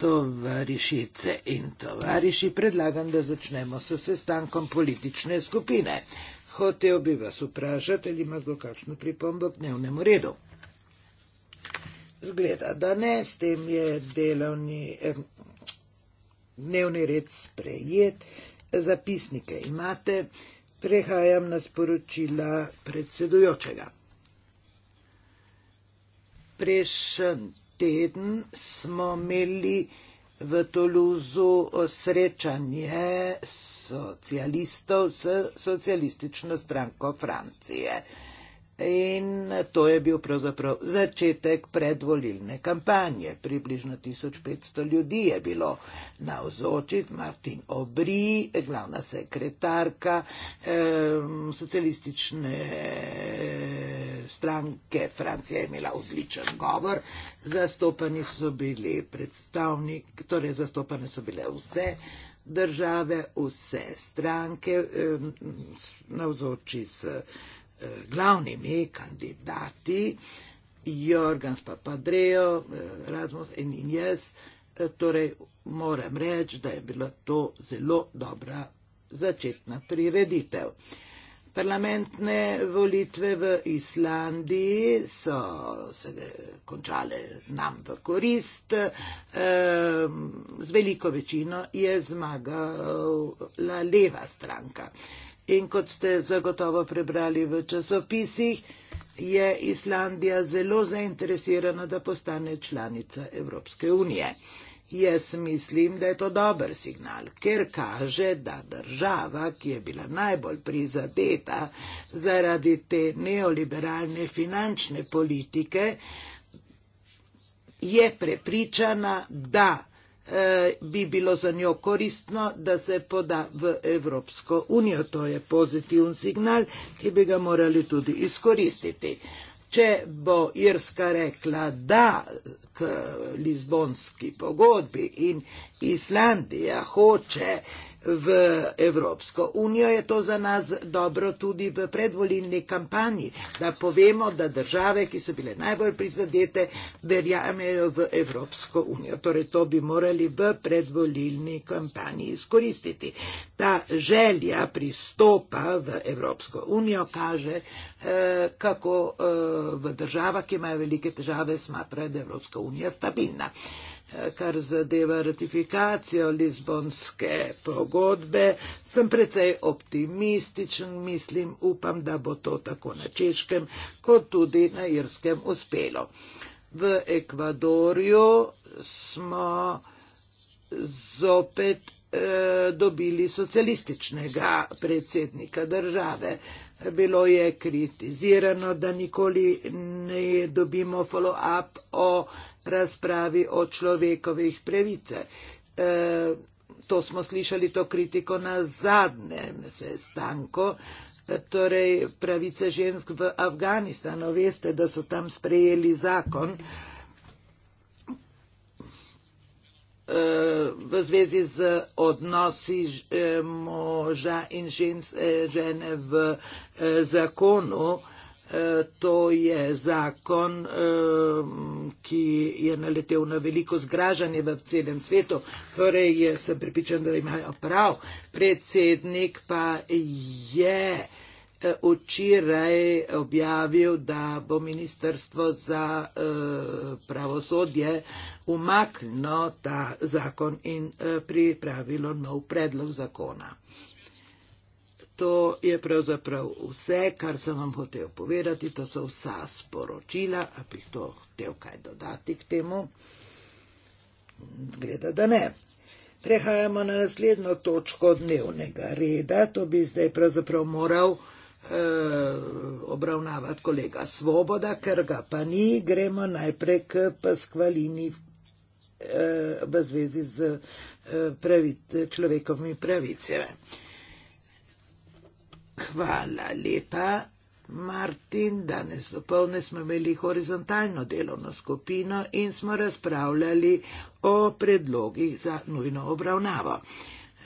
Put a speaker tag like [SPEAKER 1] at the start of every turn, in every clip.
[SPEAKER 1] Tovarišice in tovariši, predlagam, da začnemo s sestankom politične skupine. Hotev bi vas vprašati, ali ima kdo kakšno pripombo k dnevnemu redu. Zgleda, da ne, s tem je delovni, eh, dnevni red sprejet, zapisnike imate, prehajam na sporočila predsedujočega. Prejšnji teden smo imeli v Toluzu srečanje socialistov s socialistično stranko Francije. In to je bil pravzaprav začetek predvolilne kampanje. Približno 1500 ljudi je bilo na vzočit, Martin Obri, glavna sekretarka eh, socialistične. Eh, stranke Francija je imela odličen govor, zastopani so bili predstavniki, torej zastopane so bile vse države, vse stranke, navzoči s eh, glavnimi kandidati, Jorgans pa Padrejo, eh, Razmus in jaz, eh, torej moram reči, da je bila to zelo dobra začetna prireditev. Parlamentne volitve v Islandiji so se končale nam v korist. Ehm, z veliko večino je zmagala leva stranka. In kot ste zagotovo prebrali v časopisih, je Islandija zelo zainteresirana, da postane članica Evropske unije. Jaz mislim, da je to dober signal, ker kaže, da država, ki je bila najbolj prizadeta zaradi te neoliberalne finančne politike, je prepričana, da eh, bi bilo za njo koristno, da se poda v Evropsko unijo. To je pozitivn signal, ki bi ga morali tudi izkoristiti. Če bo Irska rekla da k Lizbonski pogodbi in Islandija hoče, v Evropsko unijo. Je to za nas dobro tudi v predvolilni kampanji, da povemo, da države, ki so bile najbolj prizadete, verjamejo v Evropsko unijo. Torej, to bi morali v predvolilni kampanji izkoristiti. Ta želja pristopa v Evropsko unijo kaže, eh, kako eh, v državah, ki imajo velike težave, smatrajo, da je Evropska unija stabilna kar zadeva ratifikacijo Lizbonske pogodbe, sem precej optimističen, mislim, upam, da bo to tako na češkem, kot tudi na irskem uspelo. V Ekvadorju smo zopet eh, dobili socialističnega predsednika države. Bilo je kritizirano, da nikoli ne dobimo follow-up o razpravi o človekovih pravicah. E, to smo slišali, to kritiko na zadnjem sestanku, e, torej pravice žensk v Afganistanu. Veste, da so tam sprejeli zakon e, v zvezi z odnosi e, moža in žens, e, žene v e, zakonu. E, Eh, to je zakon, eh, ki je naletel na veliko zgražanje v celem svetu. Torej, sem pripričan, da imajo prav. Predsednik pa je eh, včeraj objavil, da bo Ministrstvo za pravosodje umaknilo ta zakon in pripravilo nov predlog zakona. To je pravzaprav vse, kar sem vam hotel povedati, to so vsa sporočila, a bi to hotel kaj dodati k temu. Gleda, da ne. Prehajamo na naslednjo točko dnevnega reda, to bi zdaj pravzaprav moral eh, obravnavati kolega Svoboda, ker ga pa ni. Gremo najprej k paskvalini eh, v zvezi z eh, pravit, človekovimi pravicami. Hvala lepa, Martin. Danes dopolne smo imeli horizontalno delovno skupino in smo razpravljali o predlogih za nujno obravnavo.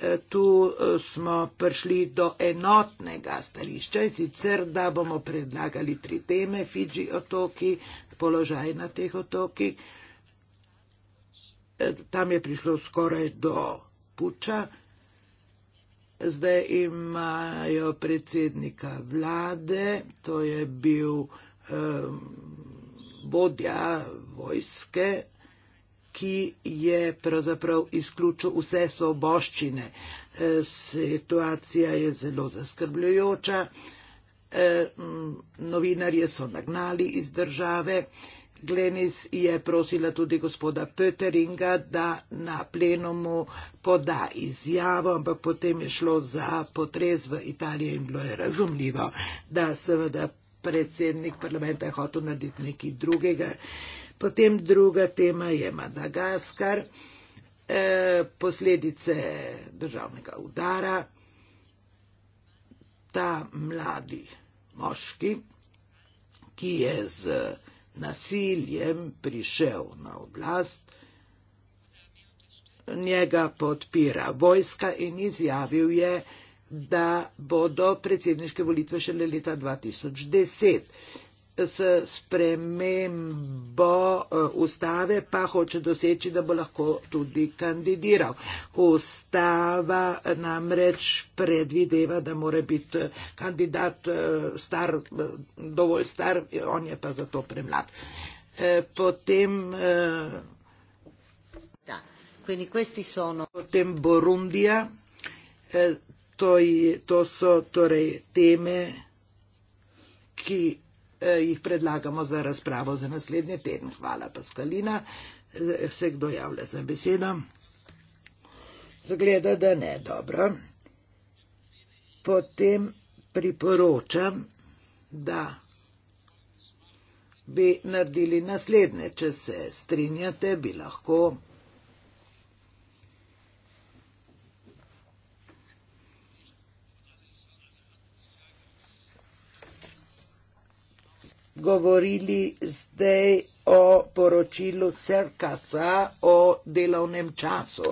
[SPEAKER 1] E, tu e, smo prišli do enotnega stališča in sicer, da bomo predlagali tri teme, Fidži otoki, položaj na teh otokih. E, tam je prišlo skoraj do puča. Zdaj imajo predsednika vlade, to je bil eh, vodja vojske, ki je pravzaprav izključil vse soboščine. Eh, situacija je zelo zaskrbljujoča. Eh, novinarje so nagnali iz države. Eh, Glenis je prosila tudi gospoda Pöteringa, da na plenumu poda izjavo, ampak potem je šlo za potres v Italiji in bilo je razumljivo, da seveda predsednik parlamenta je hotel narediti nekaj drugega. Potem druga tema je Madagaskar, e, posledice državnega udara. Ta mladi moški, ki je z nasiljem prišel na oblast, njega podpira vojska in izjavil je, da bodo predsedniške volitve šele leta 2010 s spremembo e, ustave pa hoče doseči, da bo lahko tudi kandidiral. Ustava namreč predvideva, da mora biti kandidat e, star, e, dovolj star, on je pa zato premlad. Potem. Quindi questi sono. Potem Borundija, to, je, to so torej teme, ki Eh, jih predlagamo za razpravo za naslednji teden. Hvala, Paskalina. Eh, se kdo javlja za besedo? Zgleda, da ne, dobro. Potem priporočam, da bi naredili naslednje, če se strinjate, bi lahko. govorili zdaj o poročilu Serkasa o delovnem času.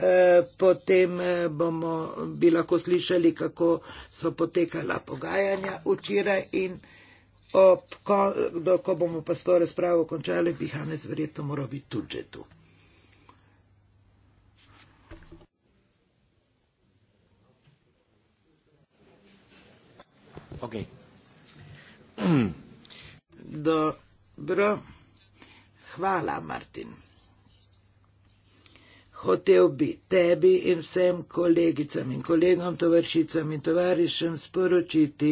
[SPEAKER 1] E, potem e, bomo, bi lahko slišali, kako so potekala pogajanja včeraj in ob, ko, ko bomo pa s to razpravo končali, bi Hanes verjetno moral biti tudi že tu. Okay. Dobro. Hvala, Martin. Hotev bi tebi in vsem kolegicam in kolegom, tovršicam in tovarišem sporočiti,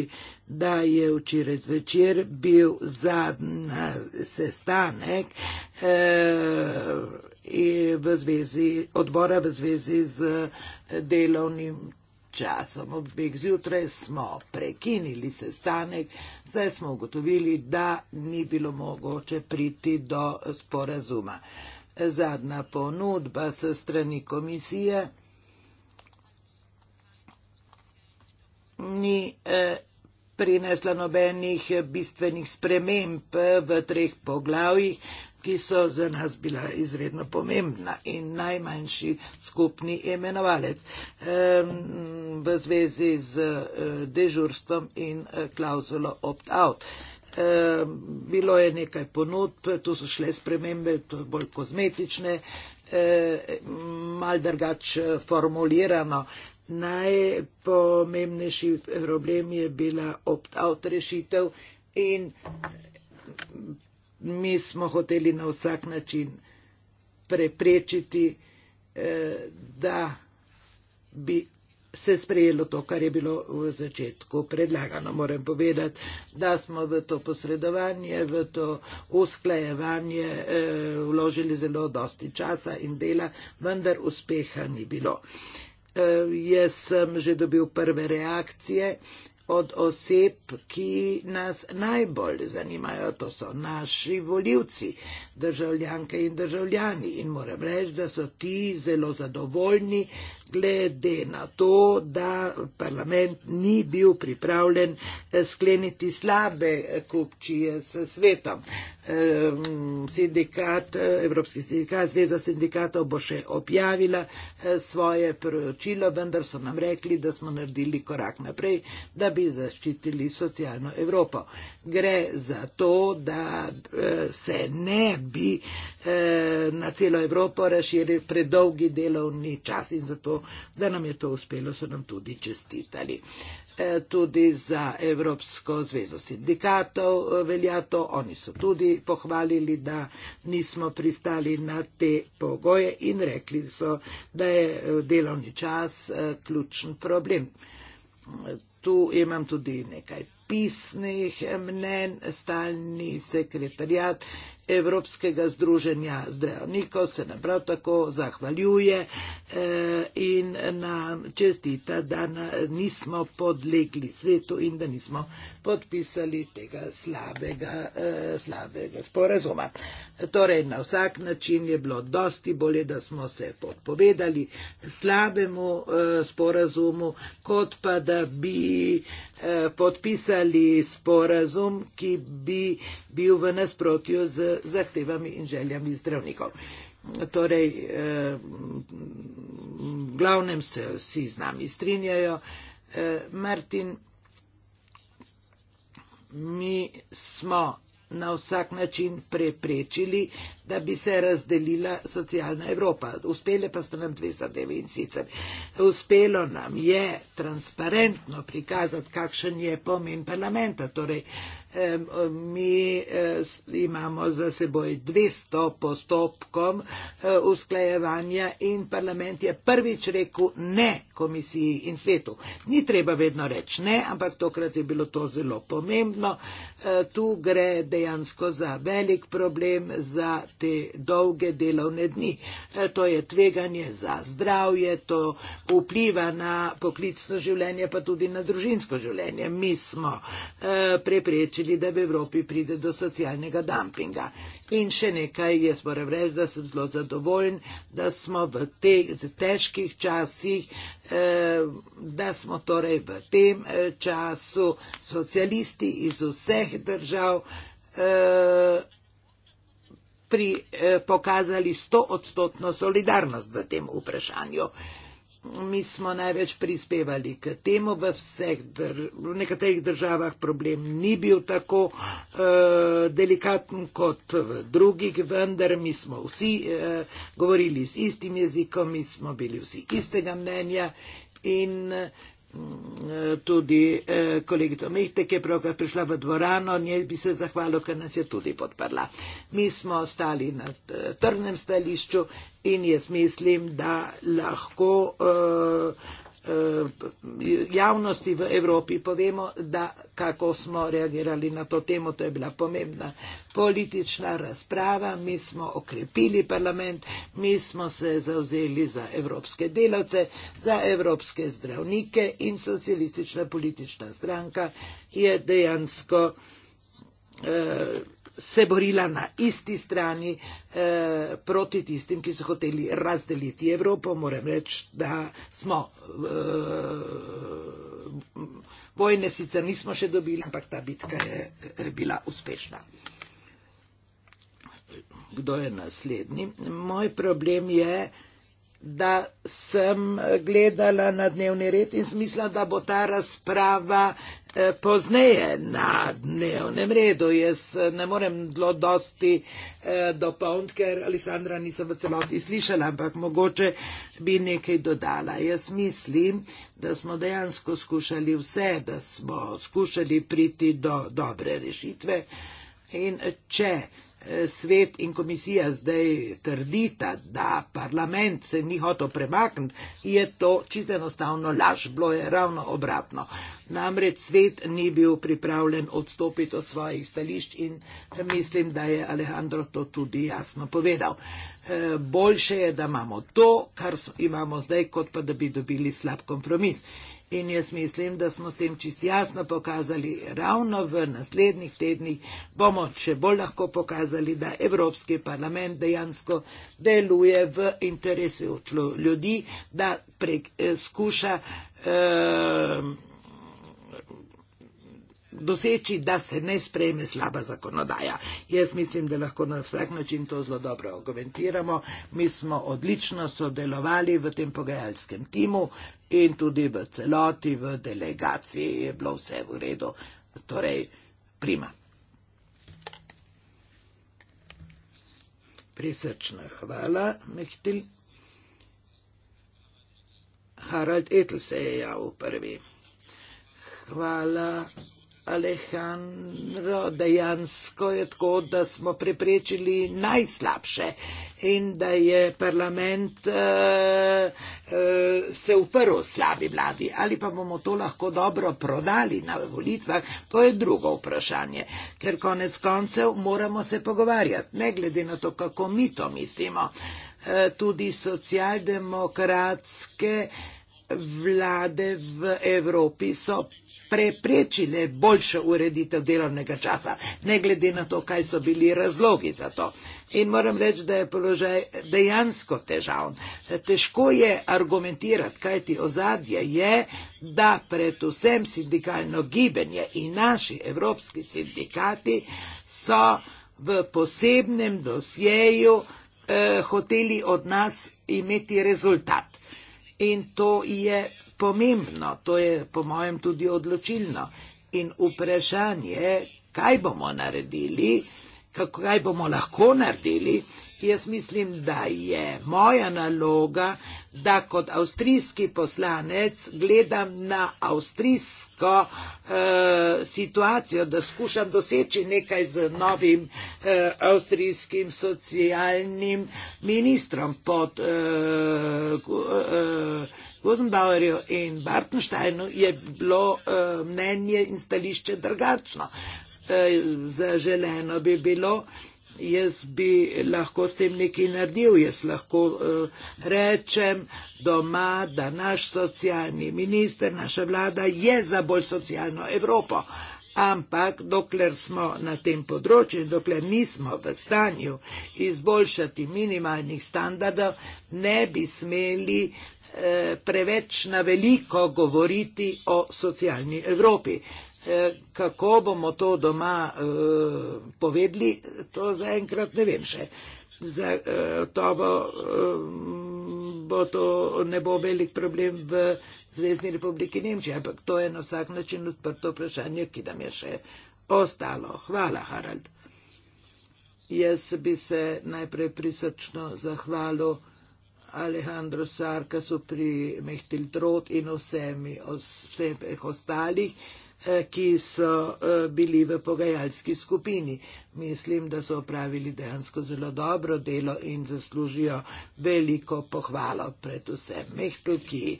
[SPEAKER 1] da je včeraj zvečer bil zadnji sestanek eh, v zvezi, odbora v zvezi z delovnim časom, obeh zjutraj smo prekinili sestanek, saj smo ugotovili, da ni bilo mogoče priti do sporazuma. Zadnja ponudba se strani komisije ni eh, prinesla nobenih bistvenih sprememb v treh poglavjih ki so za nas bila izredno pomembna in najmanjši skupni imenovalec um, v zvezi z uh, dežurstvom in uh, eh, klauzulo opt-out. Um, bilo je nekaj ponudb, tu so šle spremembe, to je bolj kozmetične, um, eh, mal drugač formulirano. Najpomembnejši problem je bila opt-out rešitev in mi smo hoteli na vsak način preprečiti, eh, da bi se sprejelo to, kar je bilo v začetku predlagano. Moram povedati, da smo v to posredovanje, v to usklajevanje eh, vložili zelo dosti časa in dela, vendar uspeha ni bilo. Eh, jaz sem že dobil prve reakcije, od oseb, ki nas najbolj zanimajo, to so naši voljivci, državljanke in državljani. In moram reči, da so ti zelo zadovoljni glede na to, da parlament ni bil pripravljen eh, skleniti slabe eh, kupčije s svetom. Ehm, sindikat, eh, Evropski sindikat, Zveza sindikatov bo še objavila svoje poročilo, vendar so nam rekli, da smo naredili korak naprej, da bi zaščitili socialno Evropo. Gre za to, da se ne bi na celo Evropo razširil predolgi delovni čas in zato da nam je to uspelo, so nam tudi čestitali. E, tudi za Evropsko zvezo sindikatov e, velja to, oni so tudi pohvalili, da nismo pristali na te pogoje in rekli so, da je e, delovni čas ključen problem. Tu imam tudi nekaj pisnih mnen, stalni sekretarjat Evropskega združenja zdravnikov se nam prav tako zahvaljuje eh, in nam čestita, da nismo podlegli svetu in da nismo podpisali tega slabega, eh, slabega sporazuma. Torej, na vsak način je bilo dosti bolje, da smo se podpovedali slabemu eh, sporazumu, kot pa da bi podpisali sporazum, ki bi bil v nasprotju z zahtevami in željami zdravnikov. Torej, eh, v glavnem se vsi z nami strinjajo. Eh, Martin, mi smo na vsak način preprečili, da bi se razdelila socialna Evropa. Uspele pa ste nam dve zadeve in sicer. Uspelo nam je transparentno prikazati, kakšen je pomen parlamenta. Torej, mi e, imamo za seboj 200 postopkom e, usklajevanja in parlament je prvič rekel ne komisiji in svetu. Ni treba vedno reči ne, ampak tokrat je bilo to zelo pomembno. E, tu gre dejansko za velik problem za te dolge delovne dni. To je tveganje za zdravje, to vpliva na poklicno življenje, pa tudi na družinsko življenje. Mi smo preprečili želi, da v Evropi pride do socialnega dumpinga. In še nekaj, jaz moram reči, da sem zelo zadovoljen, da smo v teh težkih časih, eh, da smo torej v tem eh, času socialisti iz vseh držav eh, pri, pokazali stoodstotno solidarnost v tem vprašanju mi smo največ prispevali k temu v vseh, dr v nekaterih državah problem ni bil tako uh, delikaten kot v drugih, vendar mi smo vsi uh, govorili z istim jezikom, mi smo bili vsi istega mnenja in uh, tudi eh, kolegico Mihte, ki je pravkar prišla v dvorano, njej bi se zahvalil, ker nas je tudi podprla. Mi smo stali na eh, trdnem stališču in jaz mislim, da lahko uh, Eh, javnosti v Evropi povemo, da kako smo reagirali na to temo, to je bila pomembna politična razprava, mi smo okrepili parlament, mi smo se zauzeli za evropske delavce, za evropske zdravnike in socialistična politična stranka je dejansko eh, se borila na isti strani eh, proti tistim, ki so hoteli razdeliti Evropo. Moram reči, da smo eh, vojne sicer nismo še dobili, ampak ta bitka je eh, bila uspešna. Kdo je naslednji? Moj problem je, da sem gledala na dnevni red in smisla, da bo ta razprava E, pozneje na dnevnem redu. Jaz e, ne morem dlo dosti e, dopolniti, ker Alessandra nisem v celoti slišala, ampak mogoče bi nekaj dodala. Jaz mislim, da smo dejansko skušali vse, da smo skušali priti do dobre rešitve. In če svet in komisija zdaj trdita, da parlament se ni hotel premakniti, je to čisto enostavno laž, bilo je ravno obratno. Namreč svet ni bil pripravljen odstopiti od svojih stališč in mislim, da je Alejandro to tudi jasno povedal. E, boljše je, da imamo to, kar imamo zdaj, kot pa da bi dobili slab kompromis. In jaz mislim, da smo s tem čist jasno pokazali, ravno v naslednjih tednih bomo še bolj lahko pokazali, da Evropski parlament dejansko deluje v interesu ljudi, da prek, eh, skuša eh, doseči, da se ne sprejme slaba zakonodaja. Jaz mislim, da lahko na vsak način to zelo dobro argumentiramo. Mi smo odlično sodelovali v tem pogajalskem timu in tudi v celoti, v delegaciji je bilo vse v redu. Torej, prima. Prisrčna hvala, Mehtil. Harald Etl se je javil prvi. Hvala. Alejandro, dejansko je tako, da smo preprečili najslabše in da je parlament uh, uh, se uprl slabi vladi. Ali pa bomo to lahko dobro prodali na volitvah, to je drugo vprašanje, ker konec koncev moramo se pogovarjati, ne glede na to, kako mi to mislimo. Uh, tudi socialdemokratske uh, vlade v Evropi so preprečile boljšo ureditev delovnega časa, ne glede na to, kaj so bili razlogi za to. In moram reči, da je položaj dejansko težav. Težko je argumentirati, kaj ti ozadje je, da predvsem sindikalno gibanje in naši evropski sindikati so v posebnem dosjeju eh, hoteli od nas imeti rezultat in to je pomembno, to je po mojem tudi odločilno. In vprašanje, kaj bomo naredili, kaj bomo lahko naredili. Jaz mislim, da je moja naloga, da kot avstrijski poslanec gledam na avstrijsko eh, situacijo, da skušam doseči nekaj z novim eh, avstrijskim socialnim ministrom pod eh, eh, Guzenbauerju in Bartensteinu, je bilo eh, mnenje in stališče drugačno. Eh, zaželeno bi bilo, jaz bi lahko s tem nekaj naredil, jaz lahko eh, rečem doma, da naš socialni minister, naša vlada je za bolj socialno Evropo. Ampak dokler smo na tem področju in dokler nismo v stanju izboljšati minimalnih standardov, ne bi smeli eh, preveč na veliko govoriti o socialni Evropi. Eh, kako bomo to doma eh, povedali, to zaenkrat ne vem še. Zagotovo eh, bo to ne bo velik problem v Zvezdni republiki Nemčije, ampak to je na vsak način odprto vprašanje, ki nam je še ostalo. Hvala, Harald. Jaz bi se najprej prisrčno zahvalil Alejandro Sarkasu pri Mehtil Trot in vsemi, vsem ostalih. Eh, Eh, ki so eh, bili v pogajalski skupini. Mislim, da so opravili dejansko zelo dobro delo in zaslužijo veliko pohvalo, predvsem Mehtl, ki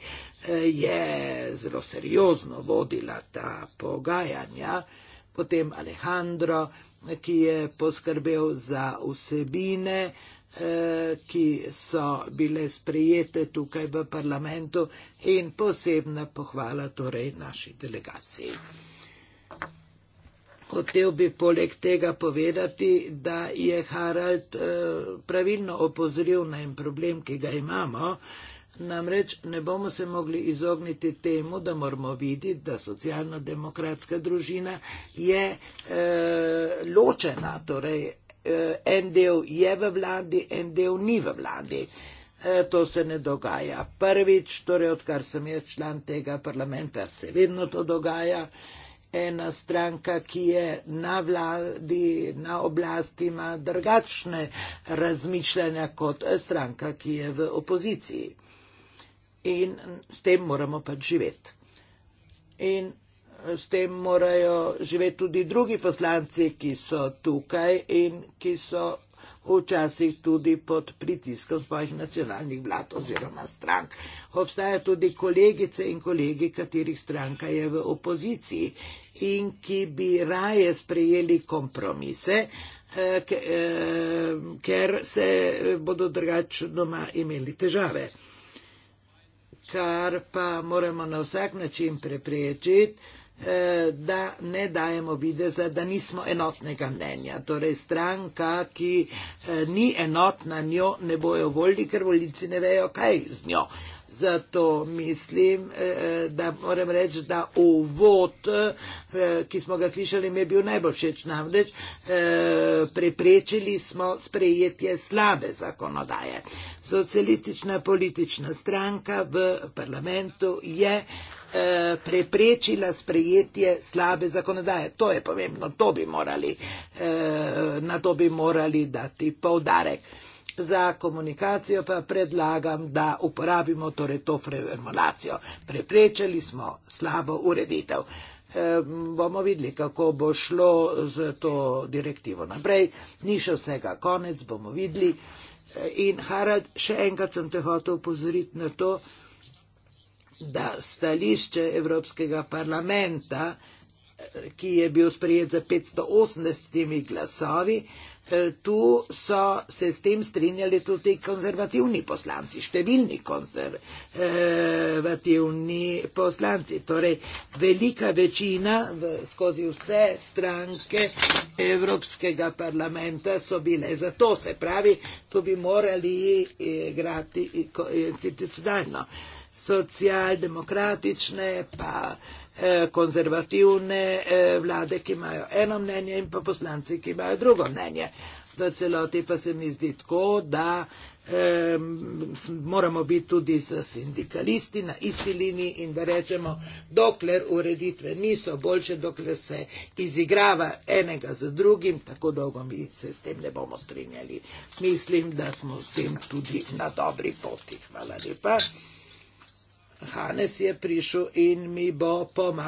[SPEAKER 1] eh, je zelo seriozno vodila ta pogajanja, potem Alejandro, ki je poskrbel za vsebine, Eh, ki so bile sprejete tukaj v parlamentu in posebna pohvala torej naši delegaciji. Hotev bi poleg tega povedati, da je Harald eh, pravilno opozoril na en problem, ki ga imamo. Namreč ne bomo se mogli izogniti temu, da moramo videti, da socialno-demokratska družina je e, ločena, torej eh, en del je v vladi, en del ni v vladi. E, to se ne dogaja prvič, torej odkar sem jaz član tega parlamenta, se vedno to dogaja. Ena stranka, ki je na vladi, na oblasti, ima drugačne razmišljanja kot eh, stranka, ki je v opoziciji. In s tem moramo pač živeti. In s tem morajo živeti tudi drugi poslanci, ki so tukaj in ki so včasih tudi pod pritiskom svojih nacionalnih vlad oziroma strank. Obstajajo tudi kolegice in kolegi, katerih stranka je v opoziciji in ki bi raje sprejeli kompromise, eh, eh, ker se bodo drugače doma imeli težave. Kar pa moramo na vsak način preprečiti, Eh, da ne dajemo videza, da nismo enotnega mnenja. Torej, stranka, ki eh, ni enotna njo, ne bojo volili, ker volici ne vejo, kaj z njo. Zato mislim, eh, da moram reči, da uvod, ki smo ga slišali, mi je bil najbolj všeč. Namreč preprečili smo sprejetje slabe zakonodaje. Socialistična politična stranka v parlamentu je Eh, preprečila sprejetje slabe zakonodaje. To je pomembno, to bi morali, eh, na to bi morali dati povdarek. Za komunikacijo pa predlagam, da uporabimo torej to formulacijo. Preprečili smo slabo ureditev. E, bomo videli, kako bo šlo z to direktivo naprej. Ni še vsega konec, bomo videli. E, in Harald, še enkrat sem te hotel upozoriti na to, da stališče Evropskega parlamenta, ki je bil sprejet za 580 glasovi, eh, tu so se s tem strinjali tudi konzervativni poslanci, številni konzervativni poslanci. Torej, velika večina skozi vse stranke Evropskega parlamenta so bile za to, se pravi, to bi morali igrati institucionalno. Eh, socialdemokratične, pa eh, konzervativne eh, vlade, ki imajo eno mnenje in pa poslanci, ki imajo drugo mnenje. V celoti pa se mi zdi tako, da eh, moramo biti tudi s sindikalisti na isti liniji in da rečemo, dokler ureditve niso boljše, dokler se izigrava enega z drugim, tako dolgo mi se s tem ne bomo strinjali. Mislim, da smo s tem tudi na dobri poti. Hvala lepa. Hanes je prišel in mi bo pomagal.